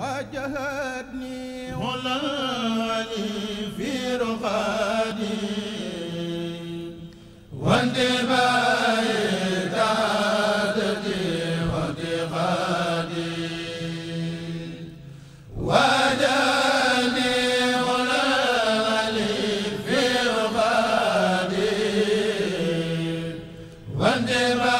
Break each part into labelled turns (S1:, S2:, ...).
S1: وجهتني غلاني في رقادي واندبائي كادتي واعتقادي Vande Mataram.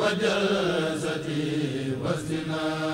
S1: وجلستي وزنا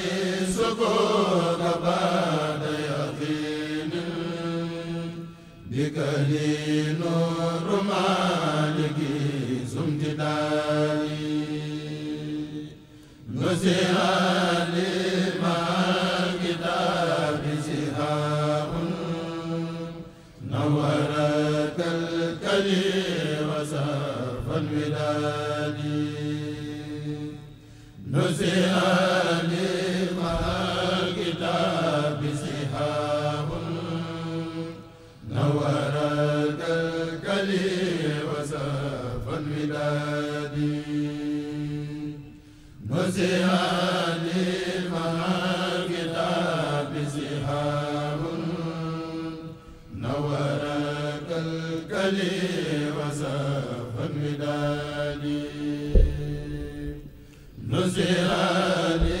S1: بكلي نور مالك زمتداري نزيها لما الكتاب زهاء نورك الكلي وسرف الوداد نزيها وراك الكلي وساف الولاد نزهاني مع الكتاب زهار نورك الكلي وساف الولاد نزهاني